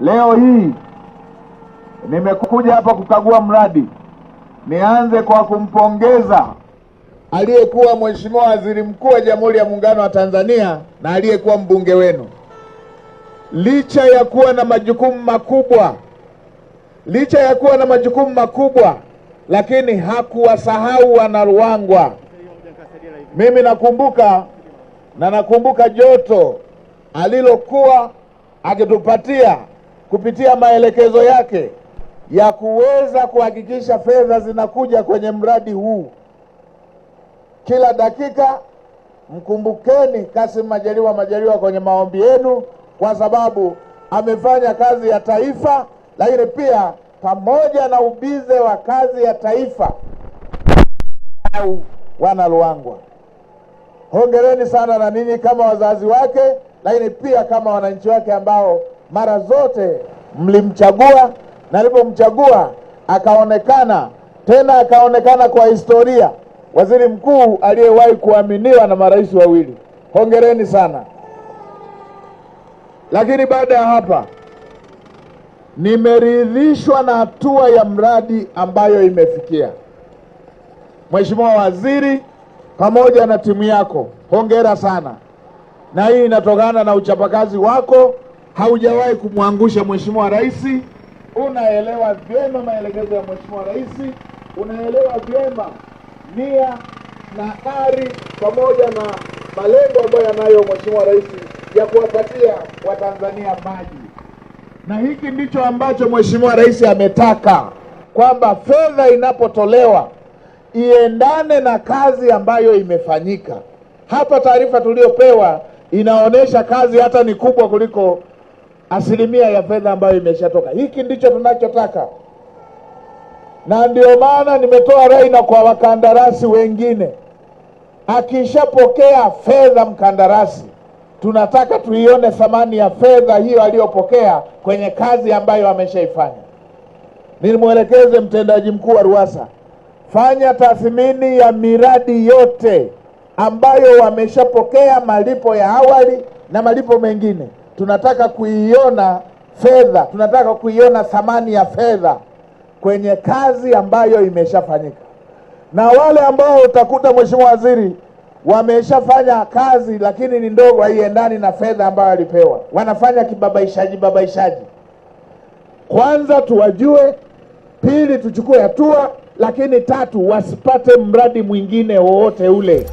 Leo hii nimekuja hapa kukagua mradi. Nianze kwa kumpongeza aliyekuwa Mheshimiwa Waziri Mkuu wa Jamhuri ya Muungano wa Tanzania na aliyekuwa mbunge wenu, licha ya kuwa na majukumu makubwa, licha ya kuwa na majukumu makubwa, lakini hakuwasahau wana Ruangwa. Mimi nakumbuka na nakumbuka joto alilokuwa akitupatia kupitia maelekezo yake ya kuweza kuhakikisha fedha zinakuja kwenye mradi huu kila dakika. Mkumbukeni Kassim Majaliwa Majaliwa kwenye maombi yenu, kwa sababu amefanya kazi ya taifa, lakini pia pamoja na ubize wa kazi ya taifa au wana Ruangwa, hongereni sana na ninyi kama wazazi wake, lakini pia kama wananchi wake ambao mara zote mlimchagua, na alipomchagua akaonekana tena, akaonekana kwa historia waziri mkuu aliyewahi kuaminiwa na marais wawili. Hongereni sana. Lakini baada ya hapa, nimeridhishwa na hatua ya mradi ambayo imefikia. Mheshimiwa Waziri pamoja na timu yako, hongera sana, na hii inatokana na uchapakazi wako haujawahi kumwangusha mheshimiwa rais. Unaelewa vyema maelekezo ya mheshimiwa rais, unaelewa vyema nia na ari pamoja na malengo ambayo yanayo mheshimiwa rais ya kuwapatia Watanzania maji, na hiki ndicho ambacho mheshimiwa rais ametaka kwamba fedha inapotolewa iendane na kazi ambayo imefanyika. Hapa taarifa tuliyopewa inaonyesha kazi hata ni kubwa kuliko asilimia ya fedha ambayo imeshatoka. Hiki ndicho tunachotaka, na ndio maana nimetoa rai na kwa wakandarasi wengine, akishapokea fedha mkandarasi, tunataka tuione thamani ya fedha hiyo aliyopokea kwenye kazi ambayo ameshaifanya. Nimwelekeze mtendaji mkuu wa RUWASA, fanya tathmini ya miradi yote ambayo wameshapokea malipo ya awali na malipo mengine tunataka kuiona fedha, tunataka kuiona thamani ya fedha kwenye kazi ambayo imeshafanyika, na wale ambao utakuta, Mheshimiwa Waziri, wameshafanya kazi lakini ni ndogo, haiendani na fedha ambayo alipewa, wanafanya kibabaishaji babaishaji. Kwanza tuwajue, pili tuchukue hatua, lakini tatu wasipate mradi mwingine wowote ule.